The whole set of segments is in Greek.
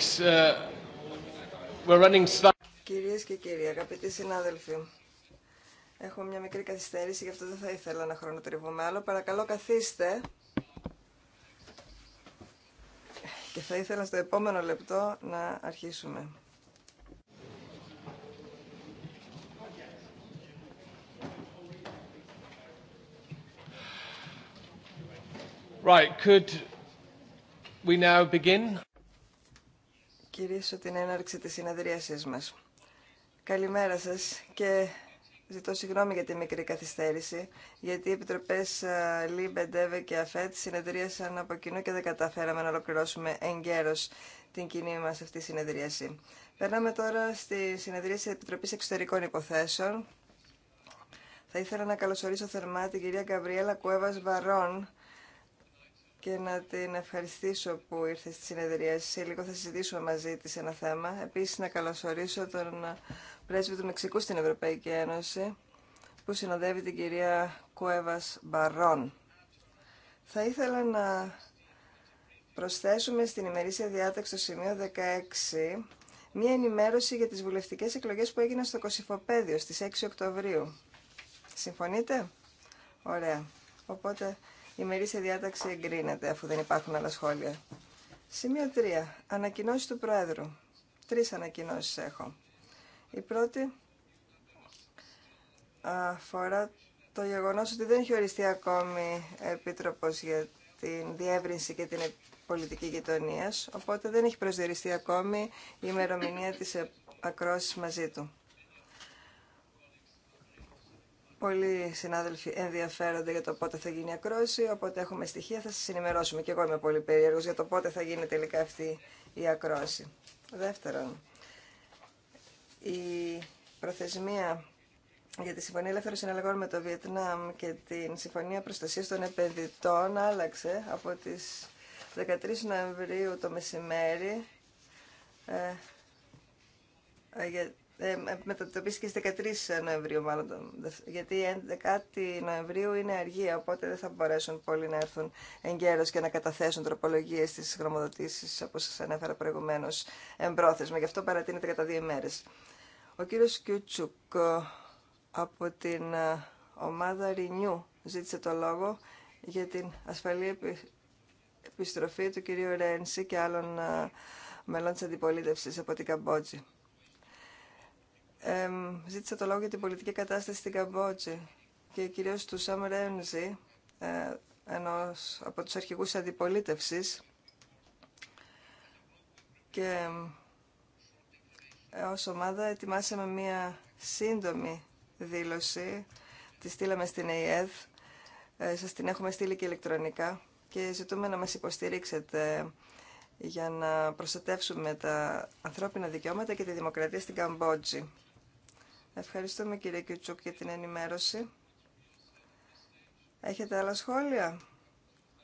colleagues, uh, we're running Κυρίες και κύριοι, αγαπητοί συνάδελφοι, έχω μια μικρή καθυστέρηση, γι' αυτό δεν θα ήθελα να χρονοτριβούμε άλλο. Παρακαλώ καθίστε και θα ήθελα στο επόμενο λεπτό να αρχίσουμε. Right, could we now begin? κύριε, την έναρξη της συνεδρίασής μας. Καλημέρα σας και ζητώ συγγνώμη για τη μικρή καθυστέρηση, γιατί οι επιτροπές ε, Λίμπε και ΑΦΕΤ συνεδρίασαν από κοινού και δεν καταφέραμε να ολοκληρώσουμε εγκαίρως την κοινή μας αυτή συνεδρίαση. Περνάμε τώρα στη συνεδρίαση της Επιτροπής Εξωτερικών Υποθέσεων. Θα ήθελα να καλωσορίσω θερμά την κυρία Γκαβριέλα Κουέβας Βαρών, και να την ευχαριστήσω που ήρθε στη συνεδρία. Σε λίγο θα συζητήσω μαζί της ένα θέμα. Επίσης να καλωσορίσω τον πρέσβη του Μεξικού στην Ευρωπαϊκή Ένωση που συνοδεύει την κυρία Κουέβας Μπαρόν. Θα ήθελα να προσθέσουμε στην ημερήσια διάταξη στο σημείο 16 μία ενημέρωση για τις βουλευτικές εκλογές που έγιναν στο Κωσυφοπαίδιο στις 6 Οκτωβρίου. Συμφωνείτε? Ωραία. Οπότε η μερίσια διάταξη εγκρίνεται αφού δεν υπάρχουν άλλα σχόλια. Σημείο 3. Ανακοινώσει του Πρόεδρου. Τρει ανακοινώσει έχω. Η πρώτη αφορά το γεγονό ότι δεν έχει οριστεί ακόμη επίτροπο για την διεύρυνση και την πολιτική γειτονία, οπότε δεν έχει προσδιοριστεί ακόμη η ημερομηνία τη ακρόση μαζί του. Πολλοί συνάδελφοι ενδιαφέρονται για το πότε θα γίνει η ακρόαση, οπότε έχουμε στοιχεία, θα σας ενημερώσουμε. Και εγώ είμαι πολύ περίεργος για το πότε θα γίνει τελικά αυτή η ακρόαση. Δεύτερον, η προθεσμία για τη Συμφωνία Ελεύθερων Συναλλαγών με το Βιετνάμ και την Συμφωνία Προστασίας των Επενδυτών άλλαξε από τις 13 Νοεμβρίου το μεσημέρι ε, ε ε, ε, μετατοπίστηκε στι 13 Νοεμβρίου μάλλον, γιατί η 11η Νοεμβρίου είναι αργία, οπότε δεν θα μπορέσουν πολλοί να έρθουν εγκαίρως και να καταθέσουν τροπολογίε στι χρωμοδοτήσεις, όπω σας ανέφερα προηγουμένω εμπρόθεσμα. Γι' αυτό παρατείνεται κατά δύο ημέρε. Ο κύριο Κιουτσουκ ε, από την ομάδα Ρινιού, ζήτησε το λόγο για την ασφαλή επιστροφή του κυρίου Ρένση και άλλων μελών της αντιπολίτευσης από την Καμπότζη ε, ζήτησα το λόγο για την πολιτική κατάσταση στην Καμπότζη και κυρίως του Σαμ Ρέμζη, ε, από τους αρχηγούς αντιπολίτευσης και ε, ως ομάδα ετοιμάσαμε μία σύντομη δήλωση, τη στείλαμε στην ΑΕΔ. Ε, σας την έχουμε στείλει και ηλεκτρονικά και ζητούμε να μας υποστηρίξετε για να προστατεύσουμε τα ανθρώπινα δικαιώματα και τη δημοκρατία στην Καμπότζη. Ευχαριστούμε κύριε Κιουτσούκ για την ενημέρωση. Έχετε άλλα σχόλια?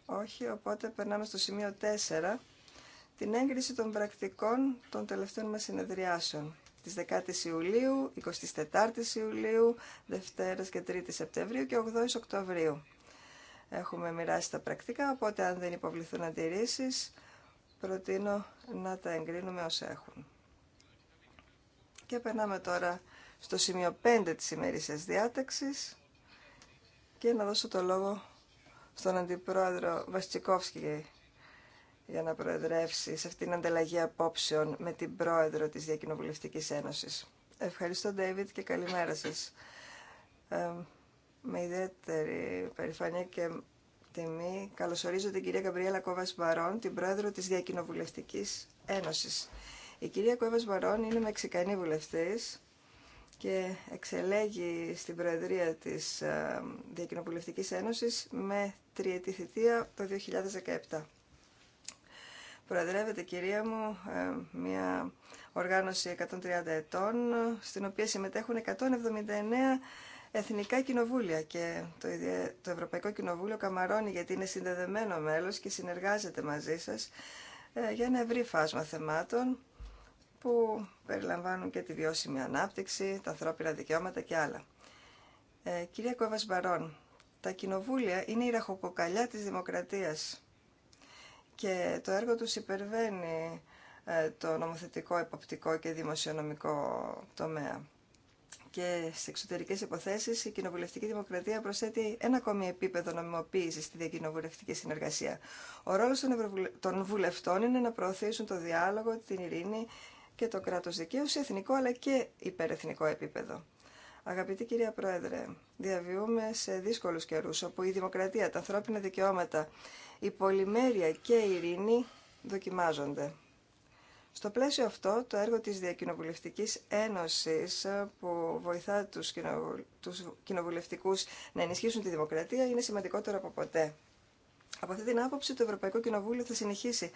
Όχι, οπότε περνάμε στο σημείο 4, την έγκριση των πρακτικών των τελευταίων μας συνεδριάσεων της 10ης Ιουλίου, 24ης Ιουλίου, Δευτέρας και 3 η Σεπτεμβρίου και 8ης Οκτωβρίου. Έχουμε μοιράσει τα πρακτικά, οπότε αν δεν υποβληθούν αντιρρήσεις, προτείνω να τα εγκρίνουμε όσα έχουν. Και περνάμε τώρα στο σημείο 5 της ημερήσιας διάταξης και να δώσω το λόγο στον Αντιπρόεδρο Βαστσικόφσκι για να προεδρεύσει σε αυτήν την ανταλλαγή απόψεων με την Πρόεδρο της Διακοινοβουλευτικής Ένωσης. Ευχαριστώ, Ντέιβιτ, και καλημέρα σας. Ε, με ιδιαίτερη περηφανία και τιμή καλωσορίζω την κυρία Καμπριέλα Κόβας Μπαρόν, την Πρόεδρο της Διακοινοβουλευτικής Ένωσης. Η κυρία Κόβας Μπαρόν είναι μεξικανή βουλευτής και εξελέγει στην Προεδρία της ε, Διακοινοβουλευτικής Ένωσης με τριετή θητεία το 2017. Προεδρεύεται, κυρία μου, ε, μια οργάνωση 130 ετών, στην οποία συμμετέχουν 179 εθνικά κοινοβούλια και το, Ευρωπαϊκό Κοινοβούλιο καμαρώνει γιατί είναι συνδεδεμένο μέλος και συνεργάζεται μαζί σας ε, για ένα ευρύ φάσμα θεμάτων που περιλαμβάνουν και τη βιώσιμη ανάπτυξη, τα ανθρώπινα δικαιώματα και άλλα. Ε, κυρία Κόβας Μπαρόν, τα κοινοβούλια είναι η ραχοκοκαλιά της δημοκρατίας και το έργο του υπερβαίνει ε, το νομοθετικό, εποπτικό και δημοσιονομικό τομέα. Και στι εξωτερικέ υποθέσει, η κοινοβουλευτική δημοκρατία προσθέτει ένα ακόμη επίπεδο νομιμοποίηση στη διακοινοβουλευτική συνεργασία. Ο ρόλο των, των βουλευτών είναι να προωθήσουν το διάλογο, την ειρήνη και το κράτος δικαίου σε εθνικό αλλά και υπερεθνικό επίπεδο. Αγαπητή κυρία Πρόεδρε, διαβιούμε σε δύσκολους καιρούς όπου η δημοκρατία, τα ανθρώπινα δικαιώματα, η πολυμέρεια και η ειρήνη δοκιμάζονται. Στο πλαίσιο αυτό, το έργο της Διακοινοβουλευτικής Ένωσης ε, που βοηθά τους, τους κοινοβουλευτικούς να ενισχύσουν τη δημοκρατία είναι σημαντικότερο από ποτέ. Από αυτή την άποψη, το Ευρωπαϊκό Κοινοβούλιο θα συνεχίσει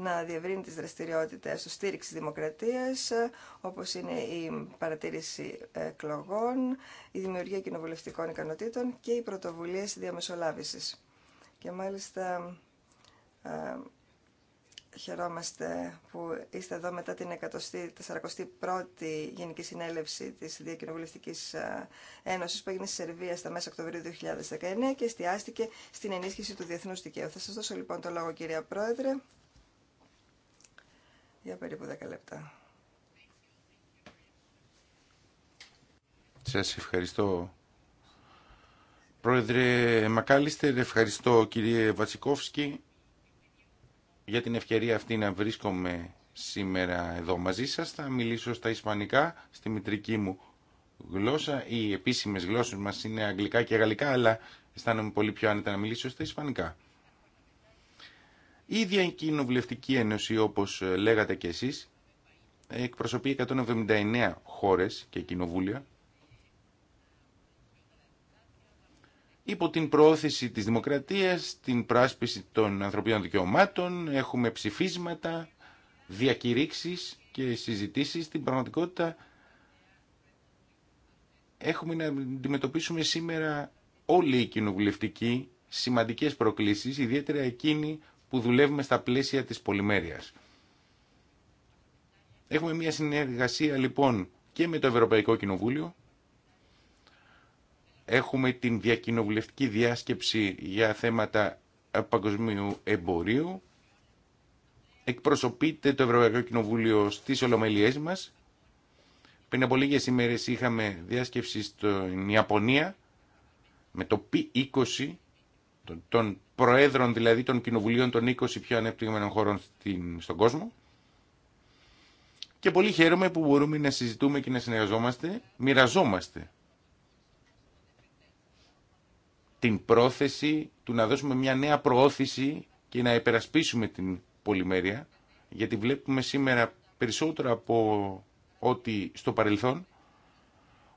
να διευρύνει τις δραστηριότητες του στήριξη δημοκρατίας, όπως είναι η παρατήρηση εκλογών, η δημιουργία κοινοβουλευτικών ικανοτήτων και οι πρωτοβουλίες διαμεσολάβησης. Και μάλιστα ε, χαιρόμαστε που είστε εδώ μετά την 141η Γενική Συνέλευση της Διακοινοβουλευτικής ε, Ένωσης που έγινε στη Σερβία στα μέσα Οκτωβρίου 2019 και εστιάστηκε στην ενίσχυση του διεθνούς δικαίου. Θα σας δώσω λοιπόν το λόγο κυρία Πρόεδρε για περίπου 10 λεπτά. Σας ευχαριστώ. Πρόεδρε Μακάλιστερ, ευχαριστώ κύριε Βασικόφσκι για την ευκαιρία αυτή να βρίσκομαι σήμερα εδώ μαζί σας. Θα μιλήσω στα ισπανικά, στη μητρική μου γλώσσα. Οι επίσημες γλώσσες μας είναι αγγλικά και γαλλικά, αλλά αισθάνομαι πολύ πιο άνετα να μιλήσω στα ισπανικά. Η Κοινοβουλευτική Ένωση, όπως ε, λέγατε και εσείς, εκπροσωπεί 179 χώρες και κοινοβούλια. Υπό την προώθηση της δημοκρατίας, την πράσπιση των ανθρωπίνων δικαιωμάτων, έχουμε ψηφίσματα, διακηρύξεις και συζητήσεις. Στην πραγματικότητα έχουμε να αντιμετωπίσουμε σήμερα όλοι οι κοινοβουλευτικοί σημαντικές προκλήσεις, ιδιαίτερα εκείνοι που δουλεύουμε στα πλαίσια της πολυμέρειας. Έχουμε μια συνεργασία λοιπόν και με το Ευρωπαϊκό Κοινοβούλιο. Έχουμε την διακοινοβουλευτική διάσκεψη για θέματα παγκοσμίου εμπορίου. Εκπροσωπείται το Ευρωπαϊκό Κοινοβούλιο στις ολομελιές μας. Πριν από λίγες ημέρες είχαμε διάσκεψη στην Ιαπωνία με το P20 των προέδρων δηλαδή των κοινοβουλίων των 20 πιο ανεπτυγμένων χωρών στην, στον κόσμο. Και πολύ χαίρομαι που μπορούμε να συζητούμε και να συνεργαζόμαστε, μοιραζόμαστε την πρόθεση του να δώσουμε μια νέα προώθηση και να υπερασπίσουμε την πολυμέρεια, γιατί βλέπουμε σήμερα περισσότερο από ό,τι στο παρελθόν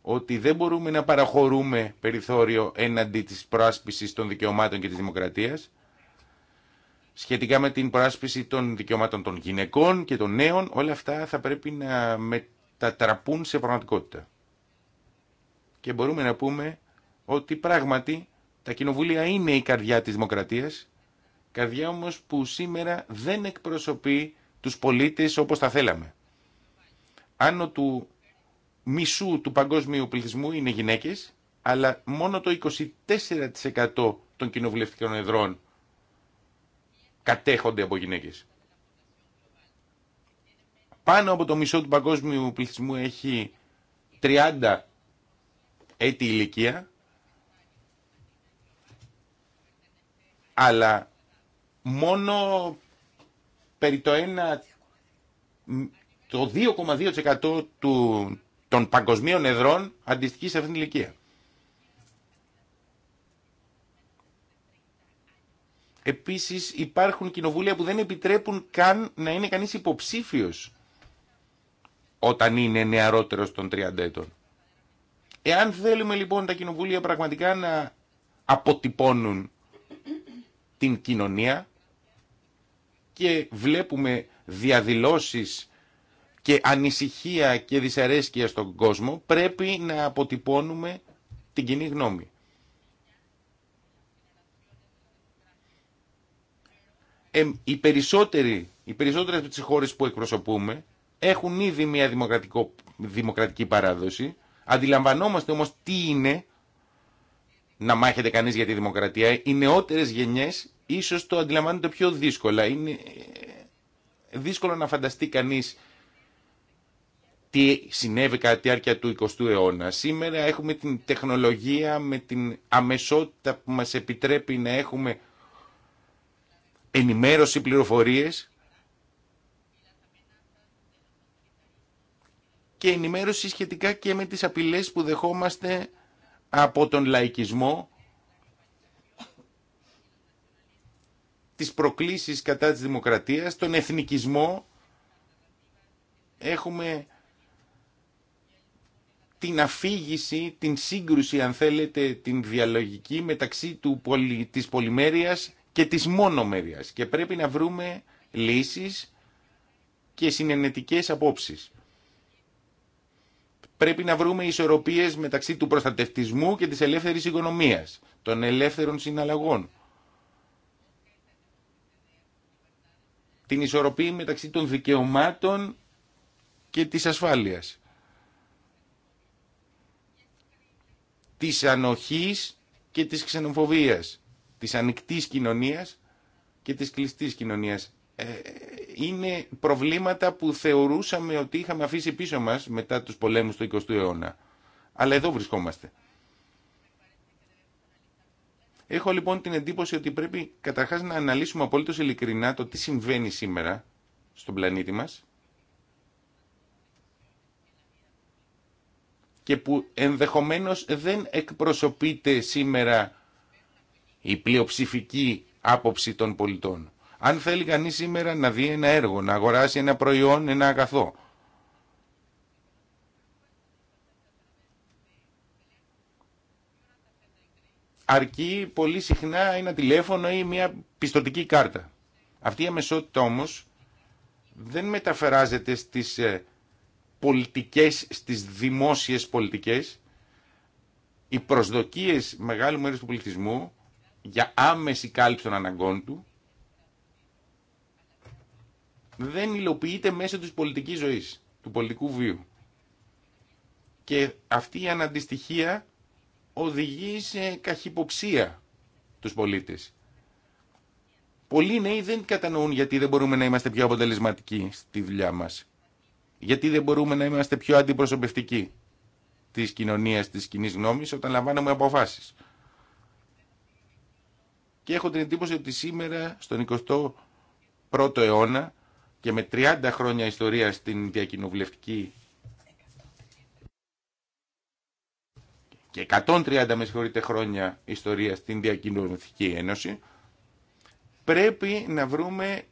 ότι δεν μπορούμε να παραχωρούμε περιθώριο έναντι της προάσπισης των δικαιωμάτων και της δημοκρατίας σχετικά με την προάσπιση των δικαιωμάτων των γυναικών και των νέων, όλα αυτά θα πρέπει να μετατραπούν σε πραγματικότητα. Και μπορούμε να πούμε ότι πράγματι τα κοινοβούλια είναι η καρδιά της δημοκρατίας, καρδιά όμως που σήμερα δεν εκπροσωπεί τους πολίτες όπως τα θέλαμε. Άνω του μισού του παγκόσμιου πληθυσμού είναι γυναίκες, αλλά μόνο το 24% των κοινοβουλευτικών εδρών κατέχονται από γυναίκες. Πάνω από το μισό του παγκόσμιου πληθυσμού έχει 30 έτη ηλικία, αλλά μόνο περί το 1, το 2,2% του, των παγκοσμίων εδρών αντιστοιχεί σε αυτήν την ηλικία. Επίσης υπάρχουν κοινοβούλια που δεν επιτρέπουν καν να είναι κανείς υποψήφιος όταν είναι νεαρότερος των 30 ετών. Εάν θέλουμε λοιπόν τα κοινοβούλια πραγματικά να αποτυπώνουν την κοινωνία και βλέπουμε διαδηλώσεις και ανησυχία και δυσαρέσκεια στον κόσμο, πρέπει να αποτυπώνουμε την κοινή γνώμη. Ε, οι, περισσότεροι, οι περισσότερες από τις χώρες που εκπροσωπούμε έχουν ήδη μια δημοκρατική παράδοση. Αντιλαμβανόμαστε όμως τι είναι να μάχεται κανείς για τη δημοκρατία. Οι νεότερες γενιές ίσως το αντιλαμβάνονται πιο δύσκολα. Είναι ε, δύσκολο να φανταστεί κανείς τι συνέβη κατά τη διάρκεια του 20ου αιώνα. Σήμερα έχουμε την τεχνολογία με την αμεσότητα που μας επιτρέπει να έχουμε ενημέρωση πληροφορίες και ενημέρωση σχετικά και με τις απειλές που δεχόμαστε από τον λαϊκισμό τις προκλήσεις κατά της δημοκρατίας, τον εθνικισμό. Έχουμε την αφήγηση, την σύγκρουση αν θέλετε, την διαλογική μεταξύ του, πολυ... της πολυμέρειας και της μονομέρειας και πρέπει να βρούμε λύσεις και συνενετικές απόψεις. Πρέπει να βρούμε ισορροπίες μεταξύ του προστατευτισμού και της ελεύθερης οικονομίας, των ελεύθερων συναλλαγών. Την ισορροπία μεταξύ των δικαιωμάτων και της ασφάλειας. της ανοχής και της ξενοφοβίας, της ανοιχτή κοινωνίας και της κλειστής κοινωνίας. Ε, είναι προβλήματα που θεωρούσαμε ότι είχαμε αφήσει πίσω μας μετά τους πολέμους του 20ου αιώνα. Αλλά εδώ βρισκόμαστε. Έχω λοιπόν την εντύπωση ότι πρέπει καταρχάς να αναλύσουμε απολύτως ειλικρινά το τι συμβαίνει σήμερα στον πλανήτη μας και που ενδεχομένως δεν εκπροσωπείται σήμερα η πλειοψηφική άποψη των πολιτών. Αν θέλει κανείς σήμερα να δει ένα έργο, να αγοράσει ένα προϊόν, ένα αγαθό, αρκεί πολύ συχνά ένα τηλέφωνο ή μια πιστοτική κάρτα. Αυτή η αμεσότητα όμως δεν μεταφεράζεται στις ε, πολιτικές, στις δημόσιες πολιτικές, οι προσδοκίες μεγάλου μέρους του πολιτισμού για άμεση κάλυψη των αναγκών του δεν υλοποιείται μέσω της πολιτικής ζωής, του πολιτικού βίου. Και αυτή η αναντιστοιχία οδηγεί σε καχυποψία τους πολίτες. Πολλοί νέοι δεν κατανοούν γιατί δεν μπορούμε να είμαστε πιο αποτελεσματικοί στη δουλειά μας. Γιατί δεν μπορούμε να είμαστε πιο αντιπροσωπευτικοί τη κοινωνία, τη κοινή γνώμη όταν λαμβάνουμε αποφάσει. Και έχω την εντύπωση ότι σήμερα, στον 21ο αιώνα και με 30 χρόνια ιστορία στην διακοινοβουλευτική και 130 με συγχωρείτε χρόνια ιστορία στην Διακοινωνιστική Ένωση, πρέπει να βρούμε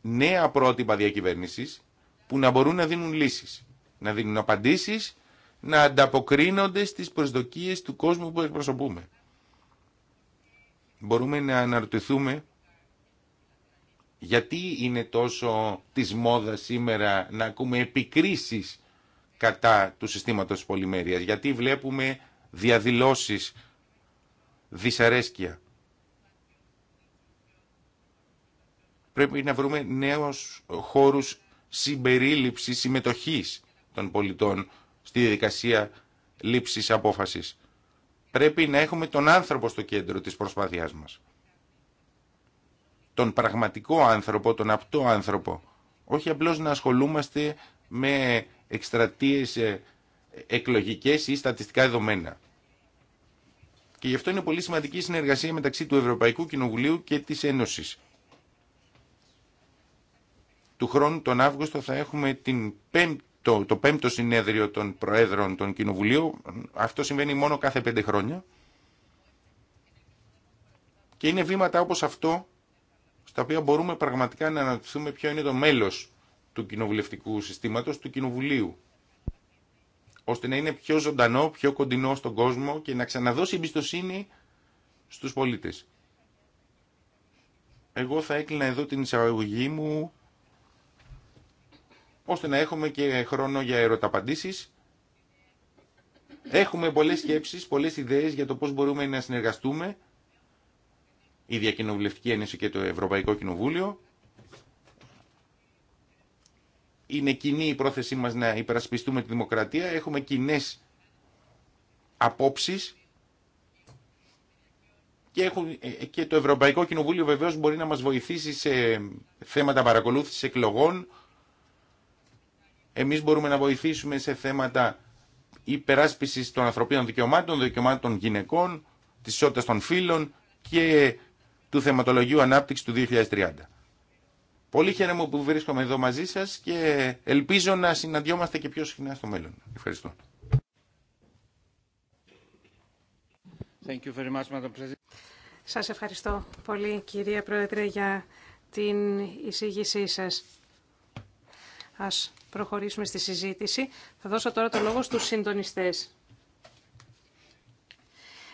νέα πρότυπα διακυβέρνησης που να μπορούν να δίνουν λύσεις, να δίνουν απαντήσεις, να ανταποκρίνονται στις προσδοκίες του κόσμου που εκπροσωπούμε. Μπορούμε να αναρωτηθούμε γιατί είναι τόσο της μόδας σήμερα να ακούμε επικρίσεις κατά του συστήματος πολυμέρειας, γιατί βλέπουμε διαδηλώσεις δυσαρέσκεια. Πρέπει να βρούμε νέους χώρους συμπερίληψη συμμετοχής των πολιτών στη διαδικασία λήψης απόφασης. Πρέπει να έχουμε τον άνθρωπο στο κέντρο της προσπάθειάς μας. Τον πραγματικό άνθρωπο, τον απτό άνθρωπο. Όχι απλώς να ασχολούμαστε με εκστρατείες ε, εκλογικές ή στατιστικά δεδομένα. Και γι' αυτό είναι πολύ σημαντική η συνεργασία μεταξύ του Ευρωπαϊκού Κοινοβουλίου και της Ένωσης του χρόνου τον Αύγουστο θα έχουμε την πέμπτο, το πέμπτο συνέδριο των Προέδρων των Κοινοβουλίων. Αυτό συμβαίνει μόνο κάθε πέντε χρόνια. Και είναι βήματα όπως αυτό στα οποία μπορούμε πραγματικά να αναπτύξουμε ποιο είναι το μέλος του κοινοβουλευτικού συστήματος, του κοινοβουλίου ώστε να είναι πιο ζωντανό, πιο κοντινό στον κόσμο και να ξαναδώσει εμπιστοσύνη στους πολίτες. Εγώ θα έκλεινα εδώ την εισαγωγή μου ώστε να έχουμε και χρόνο για ερωταπαντήσεις. Έχουμε πολλές σκέψεις, πολλές ιδέες για το πώς μπορούμε να συνεργαστούμε η Διακοινοβουλευτική Ένωση και το Ευρωπαϊκό Κοινοβούλιο. Είναι κοινή η πρόθεσή μας να υπερασπιστούμε τη δημοκρατία. Έχουμε κοινέ απόψεις και, έχουν, και το Ευρωπαϊκό Κοινοβούλιο βεβαίως μπορεί να μας βοηθήσει σε θέματα παρακολούθησης εκλογών, εμείς μπορούμε να βοηθήσουμε σε θέματα υπεράσπισης των ανθρωπίνων δικαιωμάτων, δικαιωμάτων γυναικών, της ισότητας των φύλων και του θεματολογίου ανάπτυξης του 2030. Πολύ χαίρομαι που βρίσκομαι εδώ μαζί σας και ελπίζω να συναντιόμαστε και πιο συχνά στο μέλλον. Ευχαριστώ. Thank you very much, Madam President. Σας ευχαριστώ πολύ, κυρία Πρόεδρε, για την εισήγησή σας προχωρήσουμε στη συζήτηση. Θα δώσω τώρα το λόγο στους συντονιστές.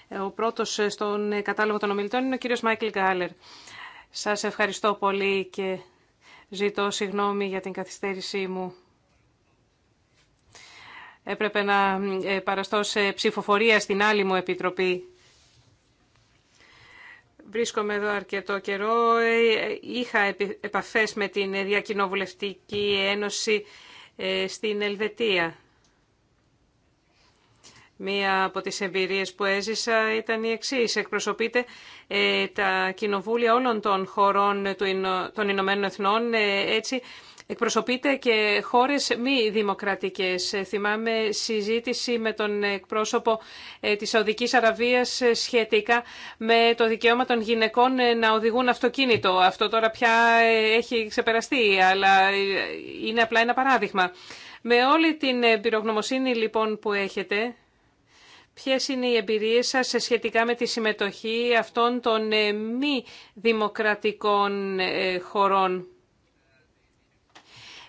Ε, ο πρώτος ε, στον ε, κατάλογο των ομιλητών είναι ο κύριος Μάικλ Γκάλερ. Σας ευχαριστώ πολύ και ζητώ συγγνώμη για την καθυστέρησή μου. Έπρεπε να παραστώ σε ψηφοφορία στην άλλη μου επιτροπή. Βρίσκομαι εδώ αρκετό καιρό. Ε, είχα επαφές με την Διακοινοβουλευτική Ένωση ε, στην Ελβετία. Μία από τις εμπειρίες που έζησα ήταν η εξής. Εκπροσωπείται ε, τα κοινοβούλια όλων των χωρών των Ηνωμένων Εθνών. Έτσι Εκπροσωπείται και χώρες μη δημοκρατικές. Θυμάμαι συζήτηση με τον εκπρόσωπο ε, της Σαουδικής Αραβίας σχετικά με το δικαίωμα των γυναικών ε, να οδηγούν αυτοκίνητο. Αυτό τώρα πια ε, έχει ξεπεραστεί, αλλά είναι απλά ένα παράδειγμα. Με όλη την πυρογνωμοσύνη λοιπόν που έχετε, ποιες είναι οι εμπειρίες σας σχετικά με τη συμμετοχή αυτών των μη δημοκρατικών χωρών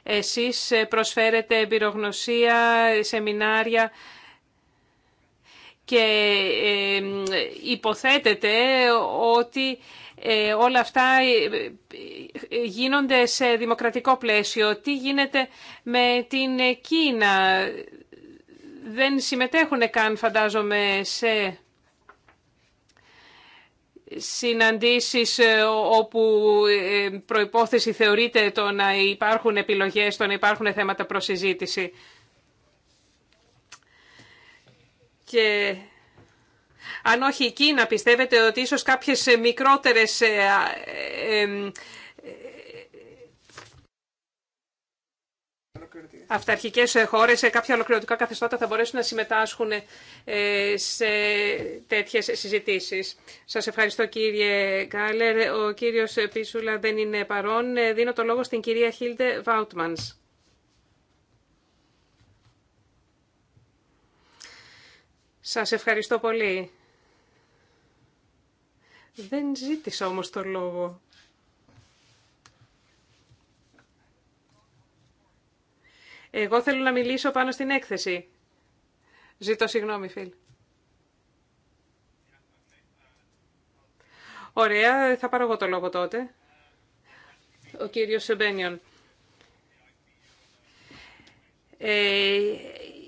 εσείς προσφέρετε εμπειρογνωσία, σεμινάρια και ε, υποθέτετε ότι ε, όλα αυτά ε, γίνονται σε δημοκρατικό πλαίσιο. Τι γίνεται με την Κίνα. Δεν συμμετέχουν καν, φαντάζομαι, σε συναντήσεις ε, όπου ε, προϋπόθεση θεωρείται το να υπάρχουν επιλογές, το να υπάρχουν θέματα προς συζήτηση. Και αν όχι εκεί, να πιστεύετε ότι ίσως κάποιες μικρότερες ε, αυταρχικές ε, χώρε σε κάποια ολοκληρωτικά καθεστώτα θα μπορέσουν να συμμετάσχουν ε, σε τέτοιε συζητήσεις. Σας ευχαριστώ κύριε Γκάλερ. Ο κύριος Πίσουλα δεν είναι παρόν. Ε, δίνω το λόγο στην κυρία Χίλτε Βάουτμαν. Σας ευχαριστώ πολύ. Δεν ζήτησα όμως το λόγο. Εγώ θέλω να μιλήσω πάνω στην έκθεση. Ζητώ συγγνώμη, Φιλ. Ωραία, θα πάρω εγώ το λόγο τότε. Ο κύριος Σεμπένιον. Ε,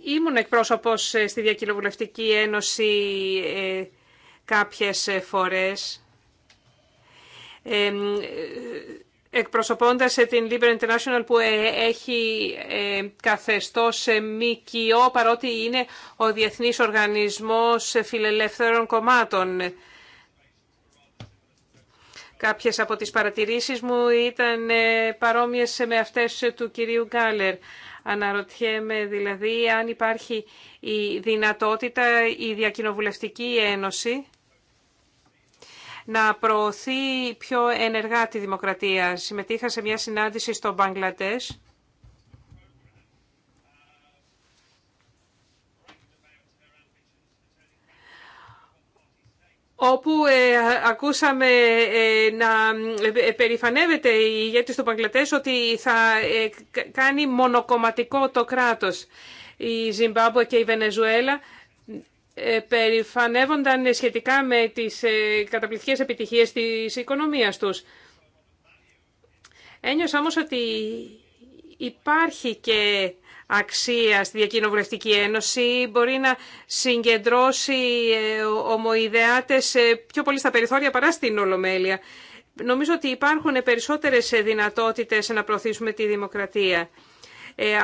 ήμουν εκπρόσωπος ε, στη Διακοινοβουλευτική Ένωση ε, κάποιες φορές. Ε, ε, εκπροσωπώντας την Libre International που ε, έχει ε, καθεστώς ΜΚΟ παρότι είναι ο Διεθνής Οργανισμός Φιλελεύθερων Κομμάτων. Κάποιες από τις παρατηρήσεις μου ήταν ε, παρόμοιες με αυτές του κυρίου Γκάλερ. Αναρωτιέμαι δηλαδή αν υπάρχει η δυνατότητα η Διακοινοβουλευτική Ένωση να προωθεί πιο ενεργά τη δημοκρατία. Συμμετείχα σε μια συνάντηση στο Μπαγκλατές. όπου ε, ακούσαμε ε, να ε, περηφανεύεται η ηγέτη του Παγκλατές ότι θα κάνει μονοκομματικό το κράτος. Η Ζιμπάμπουε και η Βενεζουέλα ε, περηφανεύονταν σχετικά με τις ε, καταπληκτικές επιτυχίες της οικονομίας τους. Ένιωσα όμως ότι υπάρχει και αξία στη Διακοινοβουλευτική Ένωση, μπορεί να συγκεντρώσει ε, ομοειδεάτες πιο πολύ στα περιθώρια παρά στην Ολομέλεια. Νομίζω ότι υπάρχουν περισσότερες δυνατότητες να προωθήσουμε τη δημοκρατία.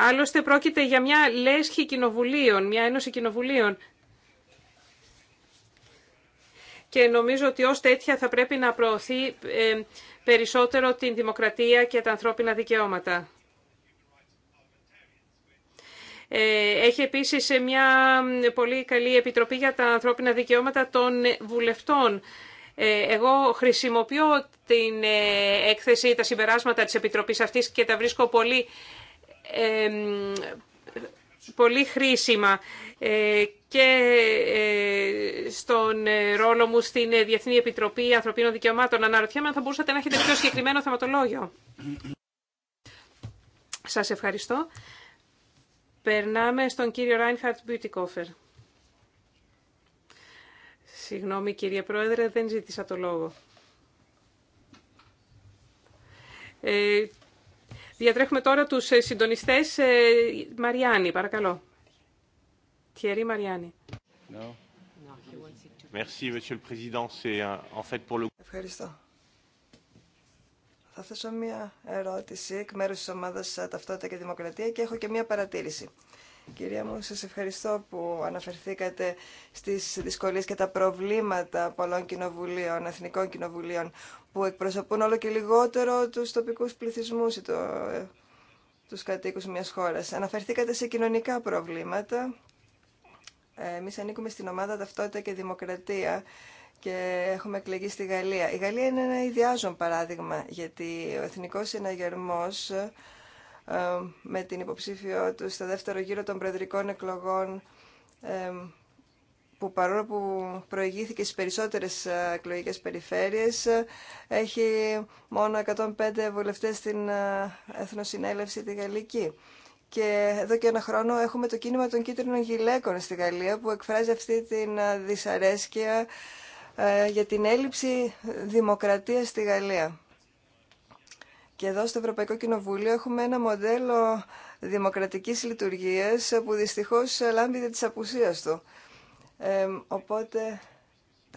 άλλωστε πρόκειται για μια λέσχη κοινοβουλίων, μια ένωση κοινοβουλίων και νομίζω ότι ως τέτοια θα πρέπει να προωθεί ε, περισσότερο την δημοκρατία και τα ανθρώπινα δικαιώματα. Ε, έχει επίσης μια πολύ καλή επιτροπή για τα ανθρώπινα δικαιώματα των βουλευτών. Ε, εγώ χρησιμοποιώ την έκθεση, τα συμπεράσματα της επιτροπής αυτής και τα βρίσκω πολύ πολύ χρήσιμα ε, και ε, στον ε, ρόλο μου στην Διεθνή Επιτροπή Ανθρωπίνων Δικαιωμάτων. Αναρωτιέμαι αν θα μπορούσατε να έχετε πιο συγκεκριμένο θεματολόγιο. Σας ευχαριστώ. Περνάμε στον κύριο Ράινχαρτ Μπιουτικόφερ. Συγγνώμη κύριε Πρόεδρε, δεν ζήτησα το λόγο. Ε, Διατρέχουμε τώρα τους ε, συντονιστές. Ε, Μαριάννη, παρακαλώ. Τιερή Μαριάννη. Euh, ευχαριστώ. Θα θέσω μία ερώτηση εκ μέρους της ομάδας ε, Ταυτότητα και Δημοκρατία και έχω και μία παρατήρηση. Κυρία μου, σας ευχαριστώ που αναφερθήκατε στις δυσκολίες και τα προβλήματα πολλών κοινοβουλίων, εθνικών κοινοβουλίων, που εκπροσωπούν όλο και λιγότερο τους τοπικούς πληθυσμούς ή το, ε, τους κατοίκους μιας χώρας. Αναφερθήκατε σε κοινωνικά προβλήματα. Εμείς ανήκουμε στην ομάδα Ταυτότητα και Δημοκρατία και έχουμε εκλεγεί στη Γαλλία. Η Γαλλία είναι ένα ιδιάζον παράδειγμα, γιατί ο Εθνικός Συναγερμός ε, με την υποψήφιό του στο δεύτερο γύρο των προεδρικών εκλογών ε, που παρόλο που προηγήθηκε στις περισσότερες ε, εκλογικέ περιφέρειες ε, έχει μόνο 105 βουλευτές στην ε, Εθνοσυνέλευση τη Γαλλική. Και εδώ και ένα χρόνο έχουμε το κίνημα των κίτρινων γυλαίκων στη Γαλλία που εκφράζει αυτή τη δυσαρέσκεια για την έλλειψη δημοκρατίας στη Γαλλία. Και εδώ στο Ευρωπαϊκό Κοινοβούλιο έχουμε ένα μοντέλο δημοκρατικής λειτουργίας που δυστυχώς λάμπει της απουσίας του οπότε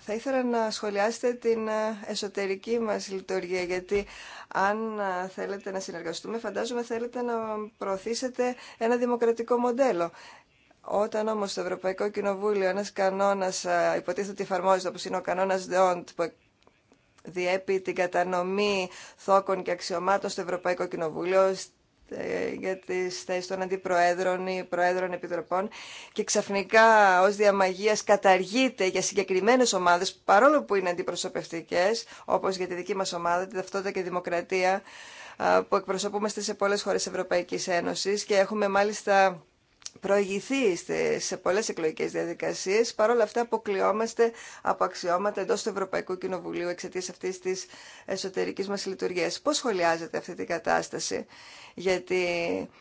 θα ήθελα να σχολιάσετε την ε, εσωτερική μας λειτουργία, γιατί αν ε, θέλετε να συνεργαστούμε, φαντάζομαι θέλετε να προωθήσετε ένα δημοκρατικό μοντέλο. Όταν όμως το Ευρωπαϊκό Κοινοβούλιο ένας κανόνας ε, υποτίθεται ότι εφαρμόζεται, όπως είναι ο κανόνας ΔΕΟΝΤ, που διέπει την κατανομή θόκων και αξιωμάτων στο Ευρωπαϊκό Κοινοβούλιο, ε, για τις θέσεις των αντιπροέδρων ή προέδρων επιτροπών και ξαφνικά ως διαμαγείας καταργείται για συγκεκριμένες ομάδες παρόλο που είναι αντιπροσωπευτικές όπως για τη δική μας ομάδα, τη ταυτότητα και δημοκρατία που εκπροσωπούμαστε σε πολλές χώρες Ευρωπαϊκής Ένωσης και έχουμε μάλιστα προηγηθεί σε πολλέ εκλογικέ διαδικασίε, Παρ' όλα αυτά αποκλειόμαστε από αξιώματα εντό του Ευρωπαϊκού Κοινοβουλίου εξαιτία αυτή τη εσωτερική μα λειτουργία. Πώ σχολιάζετε αυτή την κατάσταση, γιατί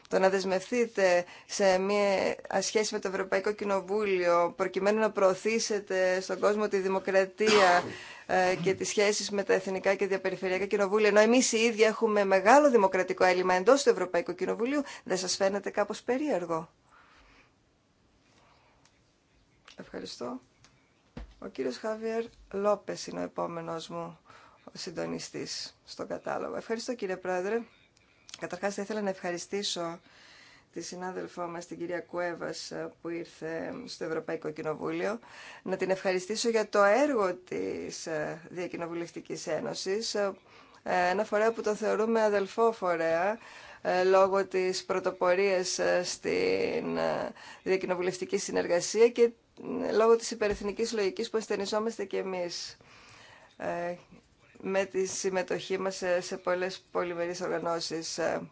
το να δεσμευτείτε σε μια ασχέση με το Ευρωπαϊκό Κοινοβούλιο προκειμένου να προωθήσετε στον κόσμο τη δημοκρατία ε, και τις σχέσεις με τα εθνικά και διαπεριφερειακά κοινοβούλια, ενώ εμείς οι ίδιοι έχουμε μεγάλο δημοκρατικό έλλειμμα εντός του Ευρωπαϊκού Κοινοβουλίου, δεν σας φαίνεται κάπως περίεργο. Ευχαριστώ. Ο κύριος Χαβιέρ Λόπες είναι ο επόμενος μου συντονιστής στο κατάλογο. Ευχαριστώ κύριε Πρόεδρε. Καταρχάς θα ήθελα να ευχαριστήσω τη συνάδελφό μας την κυρία Κουέβας που ήρθε στο Ευρωπαϊκό Κοινοβούλιο να την ευχαριστήσω για το έργο της ε, Διακοινοβουλευτικής Ένωσης ε, ένα φορέα που το θεωρούμε αδελφό φορέα ε, λόγω της πρωτοπορίας στην διακοινοβουλευτική συνεργασία και λόγω της υπερεθνικής λογικής που ασθενιζόμαστε και εμείς ε, με τη συμμετοχή μας σε πολλές πολυμερείς οργανώσεις ε,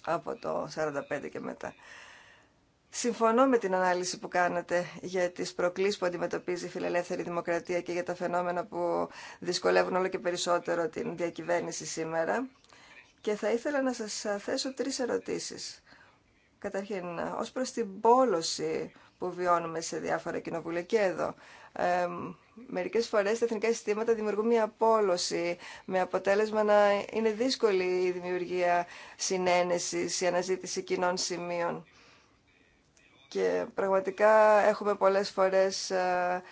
από το 1945 και μετά. Συμφωνώ με την ανάλυση που κάνατε για τις προκλήσεις που αντιμετωπίζει η φιλελεύθερη δημοκρατία και για τα φαινόμενα που δυσκολεύουν όλο και περισσότερο την διακυβέρνηση σήμερα. Και θα ήθελα να σας θέσω τρεις ερωτήσεις. Καταρχήν, ως προς την πόλωση που βιώνουμε σε διάφορα κοινοβούλια και εδώ. Ε, μερικές φορές τα εθνικά συστήματα δημιουργούν μια απόλωση με αποτέλεσμα να είναι δύσκολη η δημιουργία συνένεσης, η αναζήτηση κοινών σημείων. Και πραγματικά έχουμε πολλές φορές ε,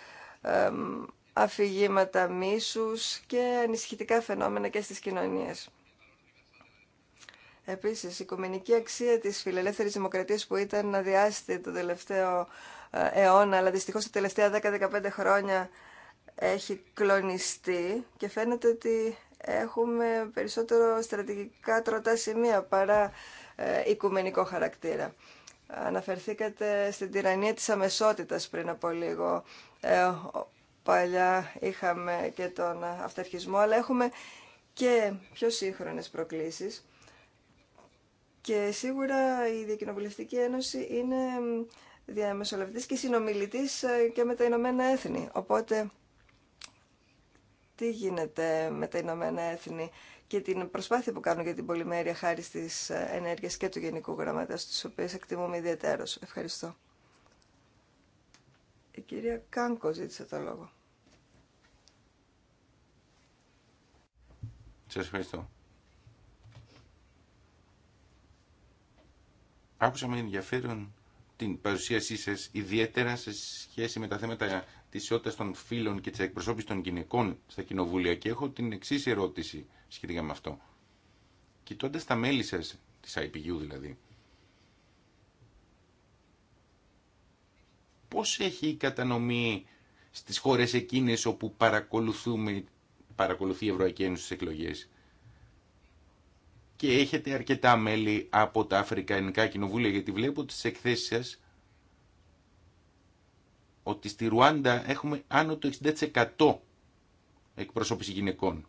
αφηγήματα μίσους και ανησυχητικά φαινόμενα και στις κοινωνίες. Επίση, η οικουμενική αξία της φιλελεύθερη δημοκρατίας που ήταν αδιάστητη το τελευταίο ε, αιώνα, αλλά δυστυχώ τα τελευταία 10-15 χρόνια έχει κλονιστεί και φαίνεται ότι έχουμε περισσότερο στρατηγικά τροτά σημεία παρά ε, οικουμενικό χαρακτήρα. Αναφερθήκατε στην τυραννία της αμεσότητας πριν από λίγο. Ε, παλιά είχαμε και τον αυταρχισμό, αλλά έχουμε και πιο σύγχρονες προκλήσεις και σίγουρα η Διακοινοβουλευτική Ένωση είναι διαμεσολαβητής και συνομιλητής ε, και με τα Ηνωμένα Έθνη. Οπότε, τι γίνεται με τα Ηνωμένα Έθνη και την προσπάθεια που κάνουν για την πολυμέρεια χάρη στις ε, ενέργειες και του Γενικού Γραμματέας, τις οποίες εκτιμούμε ιδιαίτερως. Ευχαριστώ. Η κυρία Κάνκο ζήτησε το λόγο. Σας ευχαριστώ. Άκουσα με ενδιαφέρον την παρουσίασή σα ιδιαίτερα σε σχέση με τα θέματα τη ισότητα των φίλων και τη εκπροσώπηση των γυναικών στα κοινοβούλια και έχω την εξή ερώτηση σχετικά με αυτό. Κοιτώντα τα μέλη σα τη IPU δηλαδή, πώς έχει η κατανομή στις χώρες εκείνες όπου παρακολουθούμε, παρακολουθεί η Ευρωπαϊκή Ένωση στις και έχετε αρκετά μέλη από τα Αφρικανικά Κοινοβούλια γιατί βλέπω τις εκθέσεις σας ότι στη Ρουάντα έχουμε άνω το 60% εκπροσώπηση γυναικών.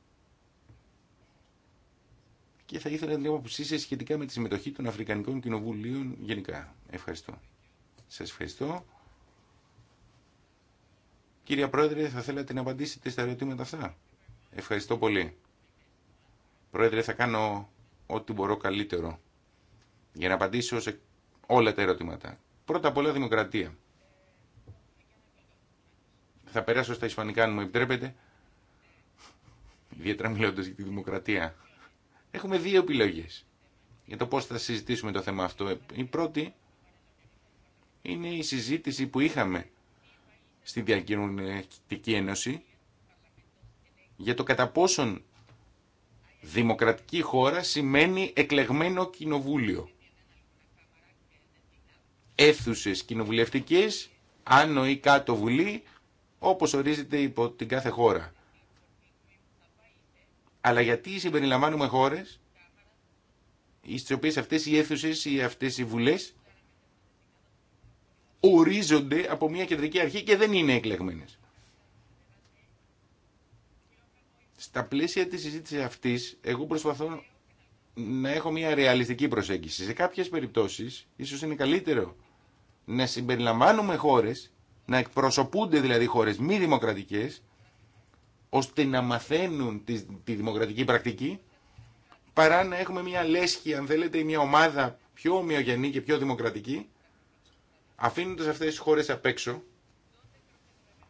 Και θα ήθελα να την που σχετικά με τη συμμετοχή των Αφρικανικών Κοινοβουλίων γενικά. Ευχαριστώ. Σας ευχαριστώ. Κύριε Πρόεδρε, θα θέλατε να απαντήσετε στα ερωτήματα αυτά. Ευχαριστώ πολύ. Πρόεδρε, θα κάνω ό,τι μπορώ καλύτερο για να απαντήσω σε όλα τα ερωτήματα. Πρώτα απ' όλα δημοκρατία. Θα περάσω στα ισπανικά αν μου επιτρέπετε. Ιδιαίτερα μιλώντα για τη δημοκρατία. Έχουμε δύο επιλογές για το πώς θα συζητήσουμε το θέμα αυτό. Η πρώτη είναι η συζήτηση που είχαμε στη Διακοινωνική Ένωση για το κατά πόσον Δημοκρατική χώρα σημαίνει εκλεγμένο κοινοβούλιο. Έθουσες κοινοβουλευτικές, άνω ή κάτω βουλή, όπως ορίζεται υπό την κάθε χώρα. Αλλά γιατί συμπεριλαμβάνουμε χώρες στι οποίε αυτές οι αίθουσες ή αυτές οι βουλές ορίζονται από μια κεντρική αρχή και δεν είναι εκλεγμένες. Στα πλαίσια τη συζήτηση αυτή, εγώ προσπαθώ να έχω μια ρεαλιστική προσέγγιση. Σε κάποιες περιπτώσεις, ίσως είναι καλύτερο να συμπεριλαμβάνουμε χώρες, να εκπροσωπούνται δηλαδή χώρες μη δημοκρατικές, ώστε να μαθαίνουν τη, τη δημοκρατική πρακτική, παρά να έχουμε μια λέσχη, αν θέλετε, μια ομάδα πιο ομοιογενή και πιο δημοκρατική, αφήνοντα αυτέ τι χώρε απ' έξω,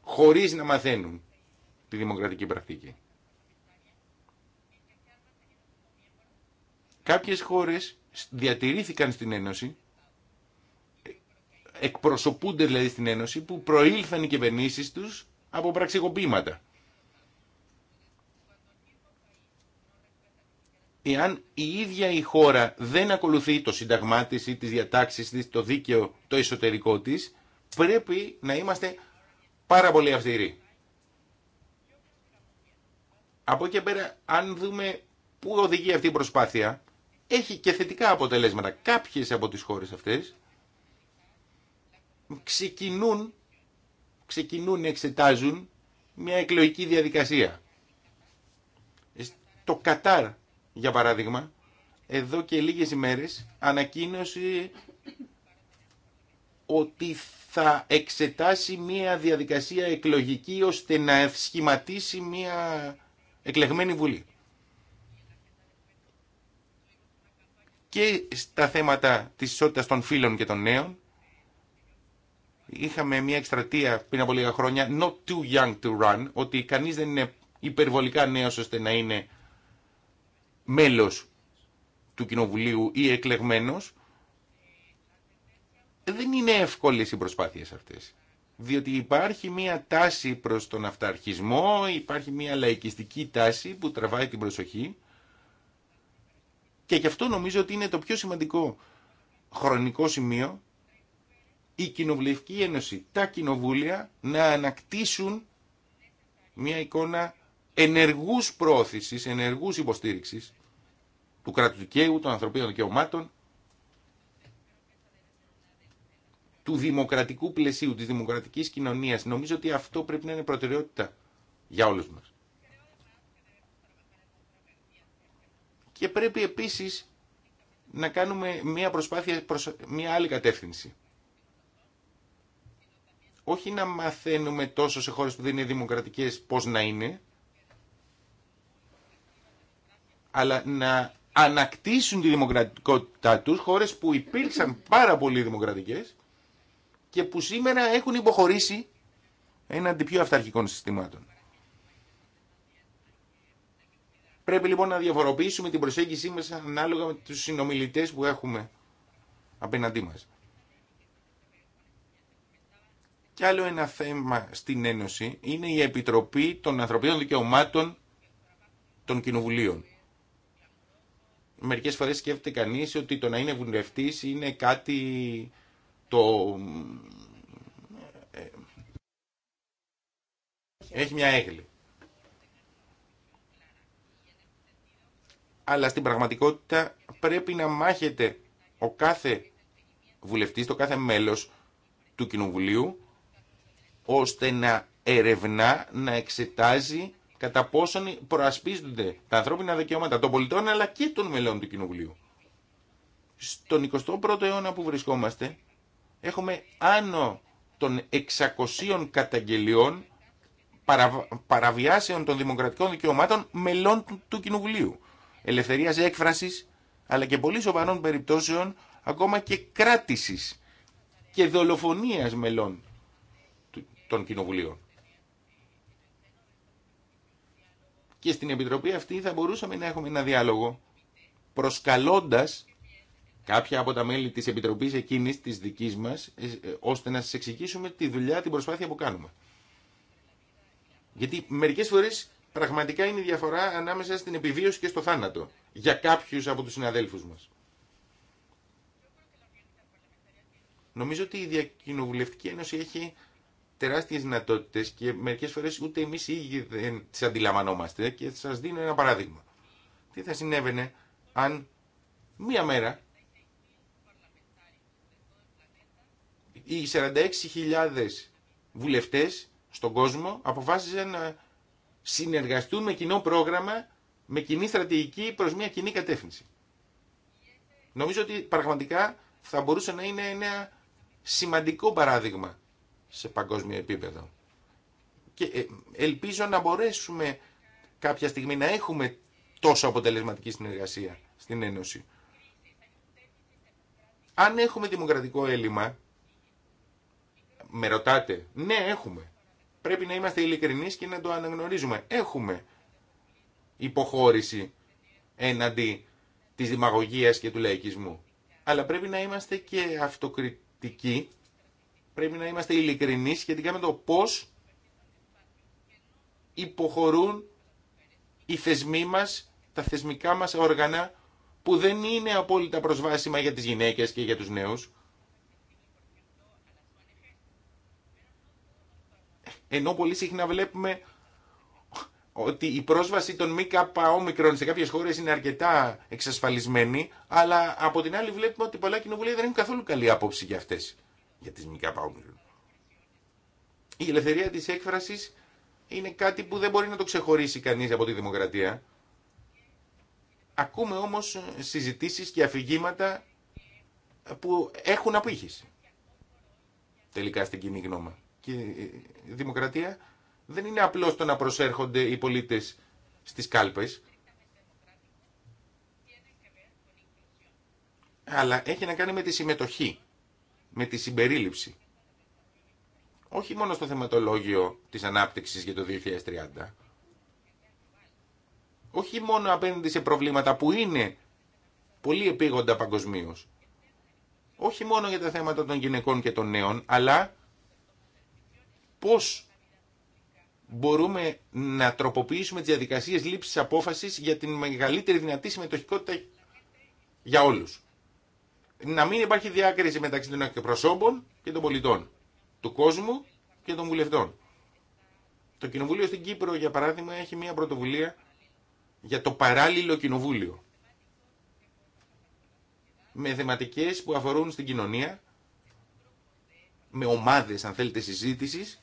χωρί να μαθαίνουν τη δημοκρατική πρακτική. Κάποιες χώρες διατηρήθηκαν στην Ένωση, εκπροσωπούνται δηλαδή στην Ένωση, που προήλθαν οι κυβερνήσεις τους από πραξικοπήματα. Εάν η ίδια η χώρα δεν ακολουθεί το σύνταγμά της ή τις διατάξεις της, το δίκαιο, το εσωτερικό της, πρέπει να είμαστε πάρα πολύ αυστηροί. Από εκεί πέρα, αν δούμε πού οδηγεί αυτή η προσπάθεια, έχει και θετικά αποτελέσματα. Κάποιες από τις χώρες αυτές ξεκινούν, ξεκινούν εξετάζουν μια εκλογική διαδικασία. Το Κατάρ, για παράδειγμα, εδώ και λίγες ημέρες ανακοίνωσε ότι θα εξετάσει μια διαδικασία εκλογική ώστε να σχηματίσει μια εκλεγμένη βουλή. και στα θέματα της ισότητας των φίλων και των νέων. Είχαμε μια εκστρατεία πριν από λίγα χρόνια, not too young to run, ότι κανείς δεν είναι υπερβολικά νέος ώστε να είναι μέλος του Κοινοβουλίου ή εκλεγμένος. Δεν είναι εύκολες οι προσπάθειες αυτές. Διότι υπάρχει μια τάση προς τον αυταρχισμό, υπάρχει μια λαϊκιστική τάση που τραβάει την προσοχή και γι' αυτό νομίζω ότι είναι το πιο σημαντικό χρονικό σημείο η Κοινοβουλευτική Ένωση, τα κοινοβούλια να ανακτήσουν μια εικόνα ενεργούς πρόθεσης, ενεργούς υποστήριξης του κράτου δικαίου, των ανθρωπίνων δικαιωμάτων, του δημοκρατικού πλαισίου, της δημοκρατικής κοινωνίας. Νομίζω ότι αυτό πρέπει να είναι προτεραιότητα για όλους μας. Και πρέπει επίσης να κάνουμε μια προσπάθεια προς μια άλλη κατεύθυνση. Όχι να μαθαίνουμε τόσο σε χώρες που δεν είναι δημοκρατικές πώς να είναι, αλλά να ανακτήσουν τη δημοκρατικότητά τους χώρες που υπήρξαν πάρα πολύ δημοκρατικές και που σήμερα έχουν υποχωρήσει έναντι πιο αυταρχικών συστημάτων. Πρέπει λοιπόν να διαφοροποιήσουμε την προσέγγιση μας ανάλογα με τους συνομιλητές που έχουμε απέναντί μας. Κι άλλο ένα θέμα στην Ένωση είναι η Επιτροπή των Ανθρωπίνων Δικαιωμάτων των Κοινοβουλίων. Μερικές φορές σκέφτεται κανείς ότι το να είναι βουλευτής είναι κάτι το... Ε, έχει μια έγκλη. αλλά στην πραγματικότητα πρέπει να μάχεται ο κάθε βουλευτής, το κάθε μέλος του Κοινοβουλίου, ώστε να ερευνά, να εξετάζει κατά πόσον προασπίζονται τα ανθρώπινα δικαιώματα των πολιτών αλλά και των μελών του Κοινοβουλίου. Στον 21ο αιώνα που βρισκόμαστε έχουμε άνω των 600 καταγγελιών παραβιάσεων των δημοκρατικών δικαιωμάτων μελών του Κοινοβουλίου. Ελευθερία έκφραση, αλλά και πολύ σοβαρών περιπτώσεων ακόμα και κράτησης και δολοφονία μελών των κοινοβουλίων. Και στην Επιτροπή αυτή θα μπορούσαμε να έχουμε ένα διάλογο προσκαλώντας κάποια από τα μέλη της Επιτροπής εκείνης της δικής μας, ε, ε, ώστε να σας εξηγήσουμε τη δουλειά, την προσπάθεια που κάνουμε. Γιατί μερικές φορές πραγματικά είναι η διαφορά ανάμεσα στην επιβίωση και στο θάνατο για κάποιους από τους συναδέλφους μας. Νομίζω ότι η Διακοινοβουλευτική Ένωση έχει τεράστιες δυνατότητε και μερικές φορές ούτε εμείς οι ίδιοι δεν τις αντιλαμβανόμαστε και σας δίνω ένα παράδειγμα. Τι θα συνέβαινε αν μία μέρα οι 46.000 βουλευτές στον κόσμο αποφάσισαν να συνεργαστούν με κοινό πρόγραμμα, με κοινή στρατηγική προς μια κοινή κατεύθυνση. Νομίζω ότι πραγματικά θα μπορούσε να είναι ένα σημαντικό παράδειγμα σε παγκόσμιο επίπεδο. Και ε, ελπίζω να μπορέσουμε κάποια στιγμή να έχουμε τόσο αποτελεσματική συνεργασία στην Ένωση. Αν έχουμε δημοκρατικό έλλειμμα, με ρωτάτε, ναι έχουμε. Πρέπει να είμαστε ειλικρινεί και να το αναγνωρίζουμε. Έχουμε υποχώρηση έναντι της δημαγωγίας και του λαϊκισμού. Αλλά πρέπει να είμαστε και αυτοκριτικοί, πρέπει να είμαστε ειλικρινεί σχετικά με το πώς υποχωρούν οι θεσμοί μας, τα θεσμικά μας όργανα που δεν είναι απόλυτα προσβάσιμα για τις γυναίκες και για τους νέους. Ενώ πολύ συχνά βλέπουμε ότι η πρόσβαση των μη όμικρων σε κάποιες χώρες είναι αρκετά εξασφαλισμένη, αλλά από την άλλη βλέπουμε ότι πολλά κοινοβουλία δεν έχουν καθόλου καλή άποψη για αυτές, για τις μη όμικρων. Η ελευθερία της έκφρασης είναι κάτι που δεν μπορεί να το ξεχωρίσει κανείς από τη δημοκρατία. Ακούμε όμως συζητήσεις και αφηγήματα που έχουν απήχηση τελικά στην κοινή γνώμη και ε, δημοκρατία δεν είναι απλώς το να προσέρχονται οι πολίτες στις κάλπες. Αλλά έχει να κάνει με τη συμμετοχή, με τη συμπερίληψη. Όχι μόνο στο θεματολόγιο της ανάπτυξης για το 2030. Όχι μόνο απέναντι σε προβλήματα που είναι πολύ επίγοντα παγκοσμίω. Όχι μόνο για τα θέματα των γυναικών και των νέων, αλλά πώς μπορούμε να τροποποιήσουμε τις διαδικασίες λήψης απόφασης για την μεγαλύτερη δυνατή συμμετοχικότητα για όλους. Να μην υπάρχει διάκριση μεταξύ των εκπροσώπων και των πολιτών, του κόσμου και των βουλευτών. Το Κοινοβούλιο στην Κύπρο, για παράδειγμα, έχει μια πρωτοβουλία για το παράλληλο κοινοβούλιο. Με θεματικές που αφορούν στην κοινωνία, με ομάδες, αν θέλετε, συζήτησης,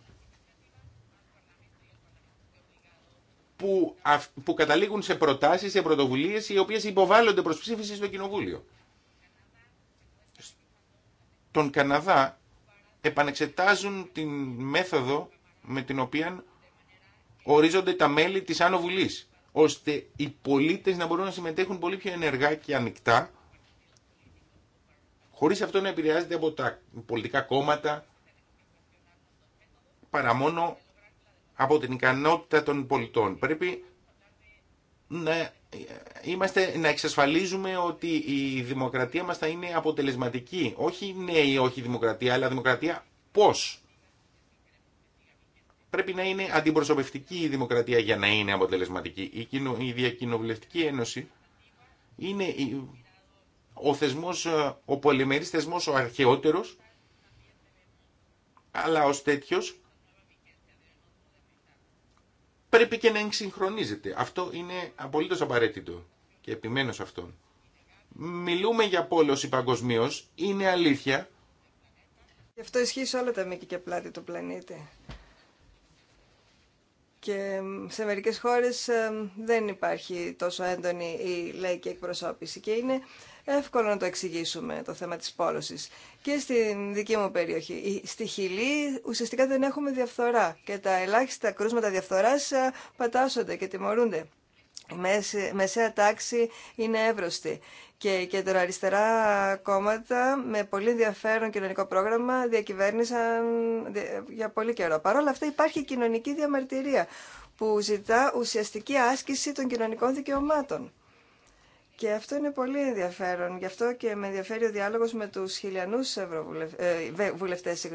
που, που καταλήγουν σε προτάσεις, σε πρωτοβουλίε οι οποίες υποβάλλονται προς ψήφιση στο Κοινοβούλιο. Τον Καναδά επανεξετάζουν την μέθοδο με την οποία ορίζονται τα μέλη της Άνω Βουλής, ώστε οι πολίτες να μπορούν να συμμετέχουν πολύ πιο ενεργά και ανοιχτά, χωρίς αυτό να επηρεάζεται από τα πολιτικά κόμματα, παρά μόνο από την ικανότητα των πολιτών. Πρέπει να, είμαστε, να εξασφαλίζουμε ότι η δημοκρατία μας θα είναι αποτελεσματική. Όχι ναι ή όχι δημοκρατία, αλλά δημοκρατία πώς. Πρέπει να είναι αντιπροσωπευτική η δημοκρατία για να είναι αποτελεσματική. Η, Διακοινοβουλευτική Ένωση είναι ο, θεσμός, ε, ο πολυμερής θεσμός ο αρχαιότερος, αλλά ως τέτοιος πρέπει και να εξυγχρονίζεται. Αυτό είναι απολύτως απαραίτητο και επιμένω σε αυτό. Μιλούμε για πόλωση παγκοσμίω, είναι αλήθεια. Γι' αυτό ισχύει σε όλα τα μήκη και πλάτη του πλανήτη. Και σε μερικές χώρες ε, δεν υπάρχει τόσο έντονη η λαϊκή εκπροσώπηση και είναι εύκολο να το εξηγήσουμε το θέμα της πόλωσης. Και στην δική μου περιοχή, στη Χιλή, ουσιαστικά δεν έχουμε διαφθορά και τα ελάχιστα κρούσματα διαφθοράς ε, πατάσσονται και τιμωρούνται. Η μεσαία τάξη είναι εύρωστη και κεντροαριστερά κόμματα με πολύ ενδιαφέρον κοινωνικό πρόγραμμα διακυβέρνησαν για πολύ καιρό. Παρ' όλα αυτά υπάρχει κοινωνική διαμαρτυρία που ζητά ουσιαστική άσκηση των κοινωνικών δικαιωμάτων. Και αυτό είναι πολύ ενδιαφέρον. Γι' αυτό και με ενδιαφέρει ο διάλογος με τους χιλιανούς ε, βουλευτές.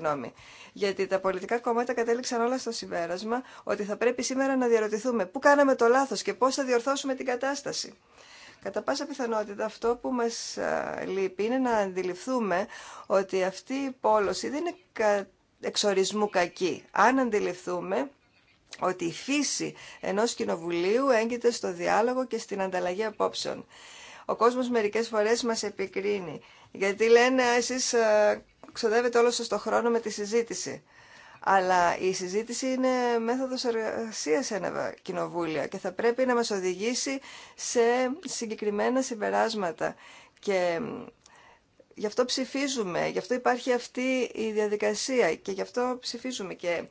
Γιατί τα πολιτικά κόμματα κατέληξαν όλα στο συμπέρασμα ότι θα πρέπει σήμερα να διαρωτηθούμε πού κάναμε το λάθος και πώς θα διορθώσουμε την κατάσταση. Κατά πάσα πιθανότητα αυτό που μας λείπει είναι να αντιληφθούμε ότι αυτή η πόλωση δεν είναι εξορισμού κακή. Αν αντιληφθούμε ότι η φύση ενός κοινοβουλίου έγκυται στο διάλογο και στην ανταλλαγή απόψεων. Ο κόσμος μερικές φορές μας επικρίνει, γιατί λένε εσείς ε, ξοδεύετε όλο σας το χρόνο με τη συζήτηση. Αλλά η συζήτηση είναι μέθοδος εργασία σε ένα κοινοβούλιο και θα πρέπει να μας οδηγήσει σε συγκεκριμένα συμπεράσματα. Και γι' αυτό ψηφίζουμε, γι' αυτό υπάρχει αυτή η διαδικασία και γι' αυτό ψηφίζουμε. Και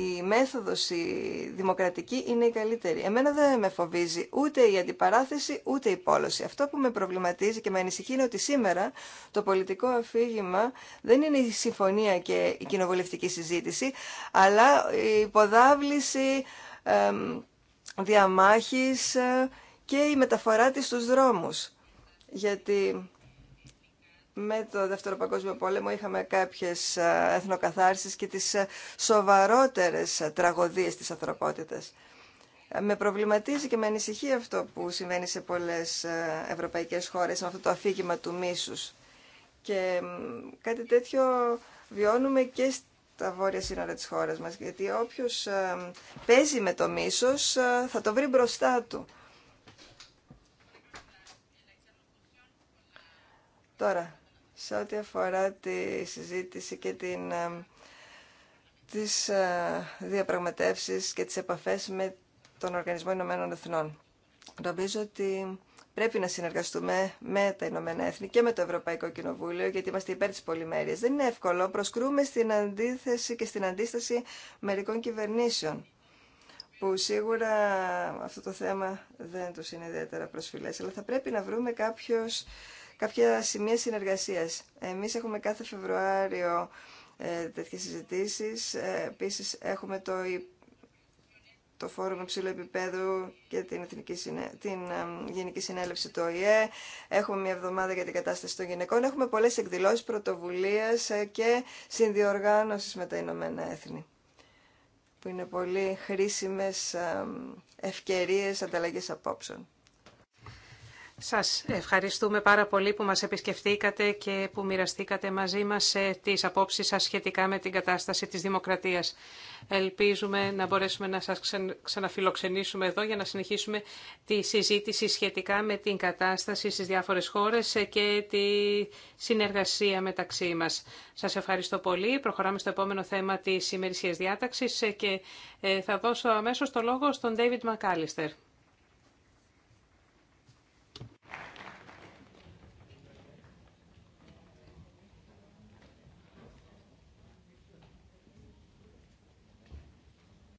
η μέθοδος η δημοκρατική είναι η καλύτερη. Εμένα δεν με φοβίζει ούτε η αντιπαράθεση ούτε η πόλωση. Αυτό που με προβληματίζει και με ανησυχεί είναι ότι σήμερα το πολιτικό αφήγημα δεν είναι η συμφωνία και η κοινοβουλευτική συζήτηση, αλλά η υποδάβληση ε, διαμάχης και η μεταφορά της στους δρόμους. Γιατί με το Δεύτερο Παγκόσμιο Πόλεμο είχαμε κάποιες ε, εθνοκαθάρσεις και τις ε, σοβαρότερες ε, τραγωδίες της ανθρωπότητας. Με προβληματίζει και με ανησυχεί αυτό που συμβαίνει σε πολλές ευρωπαϊκές χώρες με αυτό το αφήγημα του μίσους. Και κάτι τέτοιο βιώνουμε και στα βόρεια σύνορα της χώρας μας, γιατί όποιος παίζει με το μίσος θα το βρει μπροστά του. Τώρα, σε ό,τι αφορά τη συζήτηση και την, ε, τις ε, διαπραγματεύσεις και τις επαφές με τον Οργανισμό Ηνωμένων Εθνών. Νομίζω ότι πρέπει να συνεργαστούμε με τα Ηνωμένα Έθνη και με το Ευρωπαϊκό Κοινοβούλιο, γιατί είμαστε υπέρ τη πολυμέρεια. Δεν είναι εύκολο. Προσκρούμε στην αντίθεση και στην αντίσταση μερικών κυβερνήσεων. Που σίγουρα αυτό το θέμα δεν του είναι ιδιαίτερα προσφυλέ. Αλλά θα πρέπει να βρούμε κάποιο κάποια σημεία συνεργασίας. Εμείς έχουμε κάθε Φεβρουάριο ε, τέτοιες συζητήσεις. Ε, επίσης έχουμε το, το Φόρουμ Υψηλού Επιπέδου και την, Εθνική Συνέ... την ε, Γενική Συνέλευση του ΟΗΕ. Έχουμε μια εβδομάδα για την κατάσταση των γυναικών. Έχουμε πολλές εκδηλώσεις πρωτοβουλίας ε, και συνδιοργάνωσης με τα Ηνωμένα Έθνη που είναι πολύ χρήσιμες ευκαιρίες ανταλλαγής απόψεων. Σας ευχαριστούμε πάρα πολύ που μας επισκεφτήκατε και που μοιραστήκατε μαζί μας ε, τις απόψεις σας σχετικά με την κατάσταση της δημοκρατίας. Ελπίζουμε να μπορέσουμε να σας ξαναφιλοξενήσουμε εδώ για να συνεχίσουμε τη συζήτηση σχετικά με την κατάσταση στις διάφορες χώρες ε, και τη συνεργασία μεταξύ μας. Σας ευχαριστώ πολύ. Προχωράμε στο επόμενο θέμα της ημερησίας διάταξης ε, και θα δώσω αμέσως το λόγο στον David McAllister.